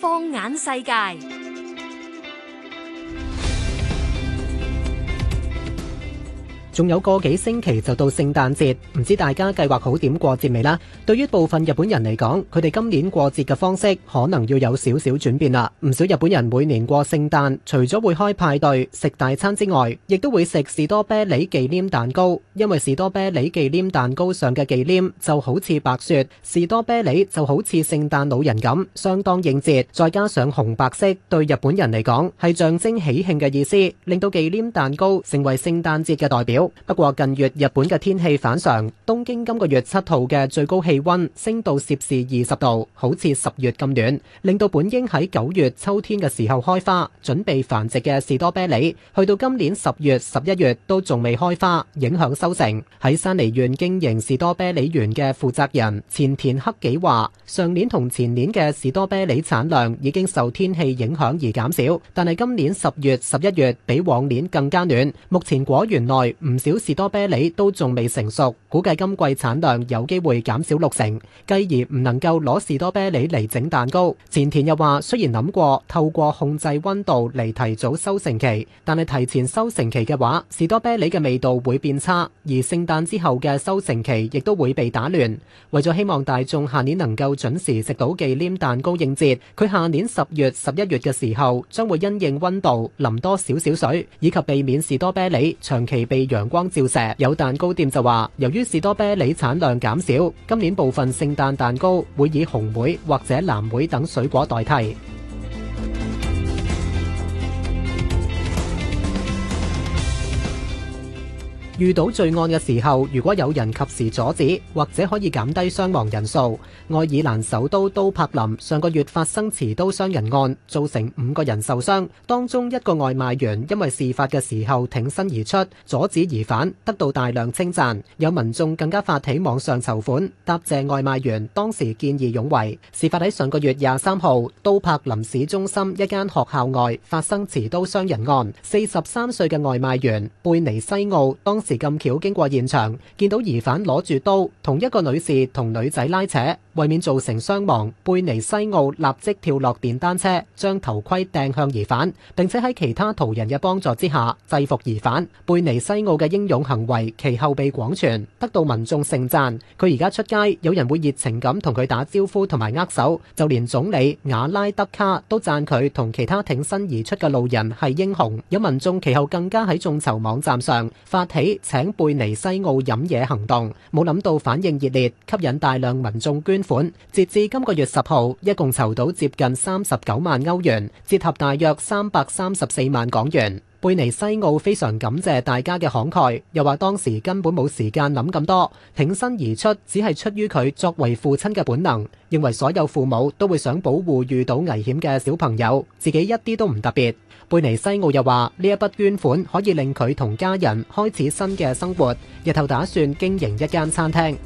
放眼世界。仲有個幾星期就到聖誕節，唔知大家計劃好點過節未啦？對於部分日本人嚟講，佢哋今年過節嘅方式可能要有少少轉變啦。唔少日本人每年過聖誕，除咗會開派對、食大餐之外，亦都會食士多啤梨忌廉蛋糕，因為士多啤梨忌廉蛋糕上嘅忌廉就好似白雪，士多啤梨就好似聖誕老人咁，相當應節。再加上紅白色對日本人嚟講係象徵喜慶嘅意思，令到忌廉蛋糕成為聖誕節嘅代表。不過近月日本嘅天氣反常，東京今個月七號嘅最高氣温升到攝氏二十度，好似十月咁暖，令到本應喺九月秋天嘅時候開花，準備繁殖嘅士多啤梨，去到今年十月十一月都仲未開花，影響收成。喺山梨縣經營士多啤梨園嘅負責人前田克己話：上年同前年嘅士多啤梨產量已經受天氣影響而減少，但係今年十月十一月比往年更加暖，目前果園內。唔少士多啤梨都仲未成熟，估計今季產量有機會減少六成，繼而唔能夠攞士多啤梨嚟整蛋糕。前田又話：雖然諗過透過控制溫度嚟提早收成期，但係提前收成期嘅話，士多啤梨嘅味道會變差，而聖誕之後嘅收成期亦都會被打亂。為咗希望大眾下年能夠準時食到忌廉蛋糕應節，佢下年十月、十一月嘅時候將會因應溫度淋多少少水，以及避免士多啤梨長期被陽。陽光照射，有蛋糕店就話，由於士多啤梨產量減少，今年部分聖誕蛋糕會以紅莓或者藍莓等水果代替。遇到罪案嘅時候，如果有人及時阻止，或者可以減低傷亡人數。愛爾蘭首都都柏林上個月發生持刀傷人案，造成五個人受傷，當中一個外賣員因為事發嘅時候挺身而出，阻止疑犯，得到大量稱讚。有民眾更加發起網上籌款，答謝外賣員當時見義勇為。事發喺上個月廿三號，都柏林市中心一間學校外發生持刀傷人案，四十三歲嘅外賣員貝尼西奧當。 時咁巧經過現場，見到疑犯攞住刀，同一個女士同女仔拉扯，為免造成傷亡，貝尼西奧立即跳落電單車，將頭盔掟向疑犯，並且喺其他途人嘅幫助之下制服疑犯。貝尼西奧嘅英勇行為其後被廣傳，得到民眾盛讚。佢而家出街，有人會熱情咁同佢打招呼同埋握手，就連總理瓦拉德卡都讚佢同其他挺身而出嘅路人係英雄。有民眾其後更加喺眾籌網站上發起請貝尼西奧飲嘢行動，冇諗到反應熱烈，吸引大量民眾捐款。截至今個月十號，一共籌到接近三十九萬歐元，折合大約三百三十四萬港元。貝尼西奧非常感謝大家嘅慷慨，又話當時根本冇時間諗咁多，挺身而出，只係出於佢作為父親嘅本能，認為所有父母都會想保護遇到危險嘅小朋友，自己一啲都唔特別。貝尼西奧又話呢一筆捐款可以令佢同家人開始新嘅生活，日後打算經營一間餐廳。